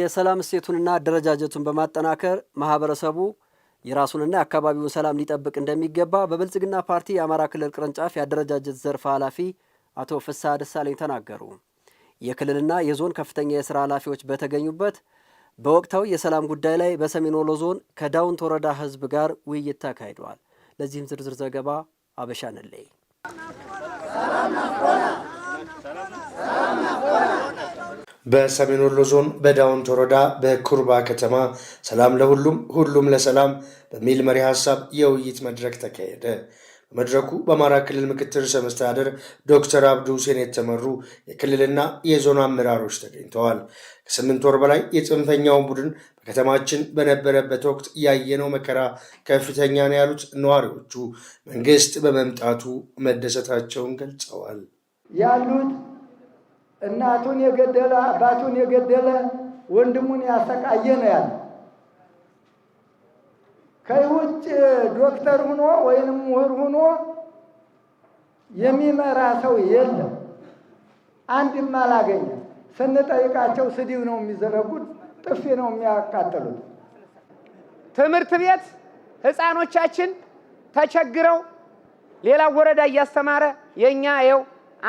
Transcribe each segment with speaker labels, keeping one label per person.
Speaker 1: የሰላም እሴቱንና አደረጃጀቱን በማጠናከር ማህበረሰቡ የራሱንና የአካባቢውን ሰላም ሊጠብቅ እንደሚገባ በብልጽግና ፓርቲ የአማራ ክልል ቅርንጫፍ የአደረጃጀት ዘርፍ ኃላፊ አቶ ፍስሐ ደሳለኝ ተናገሩ። የክልልና የዞን ከፍተኛ የስራ ኃላፊዎች በተገኙበት በወቅታዊ የሰላም ጉዳይ ላይ በሰሜን ወሎ ዞን ከዳውንት ወረዳ ህዝብ ጋር ውይይት ተካሂደዋል። ለዚህም ዝርዝር ዘገባ አበሻንለይ
Speaker 2: በሰሜን ወሎ ዞን በዳውንት ወረዳ በኩርባ ከተማ ሰላም ለሁሉም ሁሉም ለሰላም በሚል መሪ ሀሳብ የውይይት መድረክ ተካሄደ። በመድረኩ በአማራ ክልል ምክትል ርዕሰ መስተዳደር ዶክተር አብዱ ሁሴን የተመሩ የክልልና የዞን አመራሮች ተገኝተዋል። ከስምንት ወር በላይ የጽንፈኛውን ቡድን በከተማችን በነበረበት ወቅት ያየነው መከራ ከፍተኛ ነው ያሉት ነዋሪዎቹ መንግስት በመምጣቱ መደሰታቸውን ገልጸዋል።
Speaker 3: ያሉት እናቱን የገደለ አባቱን የገደለ ወንድሙን ያሰቃየ ነው ያለ። ከውጭ ዶክተር ሁኖ ወይንም ምሁር ሁኖ የሚመራ ሰው የለም። አንድም አላገኘም። ስንጠይቃቸው ስዲው ነው የሚዘረጉት፣ ጥፊ ነው የሚያቃጥሉት።
Speaker 1: ትምህርት ቤት ህፃኖቻችን ተቸግረው ሌላ ወረዳ እያስተማረ የእኛ የው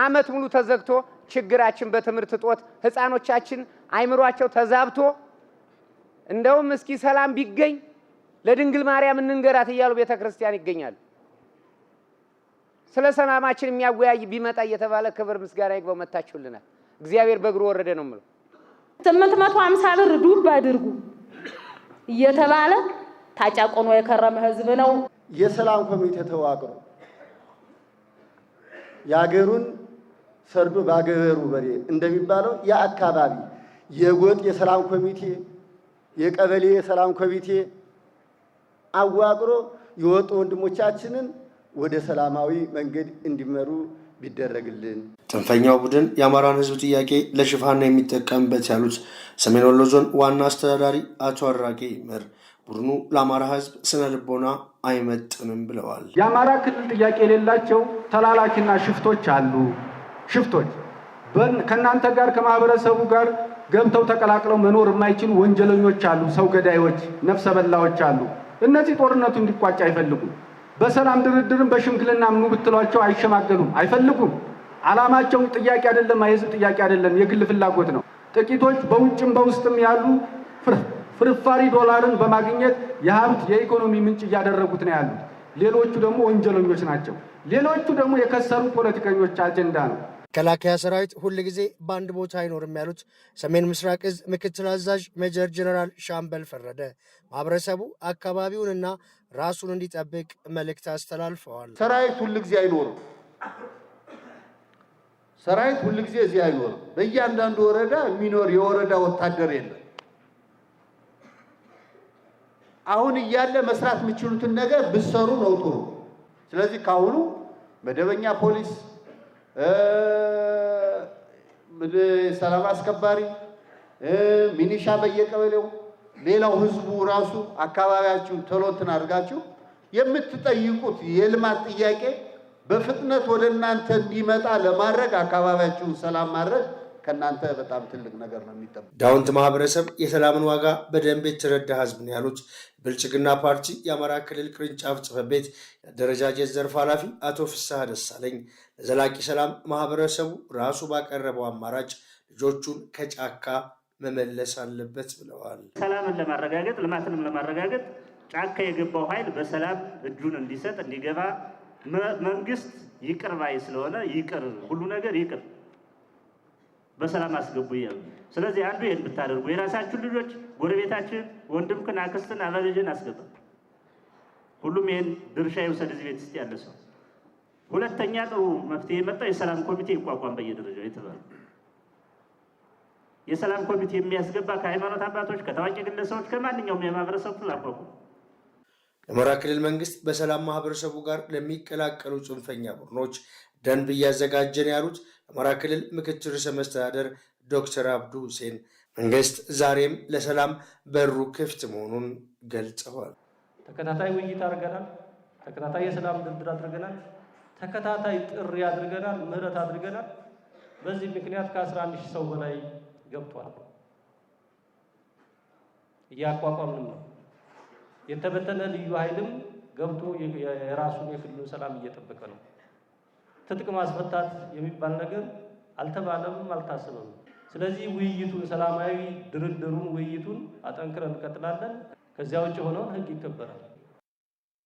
Speaker 1: አመት ሙሉ ተዘግቶ ችግራችን በትምህርት እጦት ህፃኖቻችን አይምሯቸው ተዛብቶ እንደውም እስኪ ሰላም ቢገኝ ለድንግል ማርያም እንንገራት እያሉ ቤተ ክርስቲያን ይገኛሉ። ስለ ሰላማችን የሚያወያይ ቢመጣ እየተባለ ክብር ምስጋና ይግባው። መታችሁልናል። እግዚአብሔር በእግሩ ወረደ ነው የምለው።
Speaker 4: ስምንት መቶ ሀምሳ ብር ዱብ አድርጉ እየተባለ ታጫቆኖ የከረመ ህዝብ ነው።
Speaker 5: የሰላም ኮሚቴ ተዋቅሮ የአገሩን ሰርዶ ባገበሩ በሬ እንደሚባለው የአካባቢ የጎጥ የሰላም ኮሚቴ፣ የቀበሌ የሰላም ኮሚቴ አዋቅሮ የወጡ ወንድሞቻችንን ወደ ሰላማዊ መንገድ እንዲመሩ ቢደረግልን።
Speaker 2: ጽንፈኛው ቡድን የአማራን ሕዝብ ጥያቄ ነው የሚጠቀምበት ያሉት ሰሜን ወሎ ዞን ዋና አስተዳዳሪ አቶ አራጌ ይመር ቡድኑ ለአማራ ሕዝብ ስነ ልቦና አይመጥንም ብለዋል።
Speaker 1: የአማራ ክልል ጥያቄ የሌላቸው ተላላኪና ሽፍቶች አሉ። ሽፍቶች ከእናንተ ጋር ከማህበረሰቡ ጋር ገብተው ተቀላቅለው መኖር የማይችሉ ወንጀለኞች አሉ፣ ሰው ገዳዮች፣ ነፍሰ በላዎች አሉ። እነዚህ ጦርነቱ እንዲቋጭ አይፈልጉም። በሰላም ድርድርም በሽምግልና ምኑ ብትሏቸው አይሸማገሉም፣ አይፈልጉም። አላማቸው ጥያቄ አይደለም፣ የህዝብ ጥያቄ አይደለም፣ የግል ፍላጎት ነው። ጥቂቶች በውጭም በውስጥም ያሉ ፍርፋሪ ዶላርን በማግኘት የሀብት የኢኮኖሚ ምንጭ እያደረጉት ነው ያሉት። ሌሎቹ ደግሞ ወንጀለኞች ናቸው። ሌሎቹ ደግሞ የከሰሩ ፖለቲከኞች አጀንዳ ነው። መከላከያ ሰራዊት ጊዜ በአንድ ቦታ አይኖርም ያሉት ሰሜን ምስራቅ እዝ ምክትል አዛዥ ሜጀር ጀነራል ሻምበል ፈረደ ማህበረሰቡ አካባቢውንና ራሱን እንዲጠብቅ መልእክት አስተላልፈዋል።
Speaker 6: ሰራዊት ጊዜ አይኖርም። ሰራዊት ጊዜ እዚህ አይኖርም። በእያንዳንዱ ወረዳ የሚኖር የወረዳ ወታደር የለም። አሁን እያለ መስራት የምችሉትን ነገር ብሰሩ ነው ጥሩ። ስለዚህ ከአሁኑ መደበኛ ፖሊስ ሰላም አስከባሪ ሚኒሻ በየቀበሌው ሌላው ህዝቡ ራሱ አካባቢያችሁ ተሎትን አድርጋችሁ የምትጠይቁት የልማት ጥያቄ በፍጥነት ወደ እናንተ እንዲመጣ ለማድረግ አካባቢያችሁን ሰላም ማድረግ ከእናንተ በጣም ትልቅ ነገር ነው የሚጠበቅ።
Speaker 2: ዳውንት ማህበረሰብ የሰላምን ዋጋ በደንብ የተረዳ ህዝብ ነው ያሉት ብልጽግና ፓርቲ የአማራ ክልል ቅርንጫፍ ጽፈት ቤት የአደረጃጀት ዘርፍ ኃላፊ አቶ ፍስሐ ደሳለኝ ለዘላቂ ሰላም ማህበረሰቡ ራሱ ባቀረበው አማራጭ ልጆቹን ከጫካ መመለስ አለበት ብለዋል።
Speaker 1: ሰላምን ለማረጋገጥ ልማትንም ለማረጋገጥ ጫካ የገባው ኃይል በሰላም እጁን እንዲሰጥ እንዲገባ መንግስት ይቅር ባይ ስለሆነ ይቅር ሁሉ ነገር ይቅር በሰላም አስገቡ እያሉ። ስለዚህ አንዱ ይህን ብታደርጉ የራሳችሁን ልጆች፣ ጎረቤታችን፣ ወንድምክን፣ አክስትን፣ አበልጅን አስገባ። ሁሉም ይህን ድርሻ የውሰድ እዚህ ቤት ውስጥ ያለ ሰው። ሁለተኛ ጥሩ መፍትሄ የመጣው የሰላም ኮሚቴ ይቋቋም በየደረጃው የተባለ የሰላም ኮሚቴ የሚያስገባ ከሃይማኖት አባቶች፣ ከታዋቂ ግለሰቦች፣ ከማንኛውም የማህበረሰብ ክፍል
Speaker 2: የአማራ ክልል መንግስት በሰላም ማህበረሰቡ ጋር ለሚቀላቀሉ ጽንፈኛ ቡድኖች ደንብ እያዘጋጀን ያሉት የአማራ ክልል ምክትል ርዕሰ መስተዳደር ዶክተር አብዱ ሁሴን መንግስት ዛሬም ለሰላም በሩ ክፍት መሆኑን ገልጸዋል።
Speaker 1: ተከታታይ ውይይት አድርገናል። ተከታታይ የሰላም ድርድር አድርገናል። ተከታታይ ጥሪ አድርገናል። ምህረት አድርገናል። በዚህ ምክንያት ከ11 ሺህ ሰው በላይ ገብቷል። እያቋቋምንም ነው። የተበተነ ልዩ ኃይልም ገብቶ የራሱን የክልሉን ሰላም እየጠበቀ ነው። ትጥቅ ማስፈታት የሚባል ነገር አልተባለም፣ አልታሰበም። ስለዚህ ውይይቱን፣ ሰላማዊ ድርድሩን፣ ውይይቱን አጠንክረን እንቀጥላለን። ከዚያ ውጭ ሆነውን ህግ ይከበራል።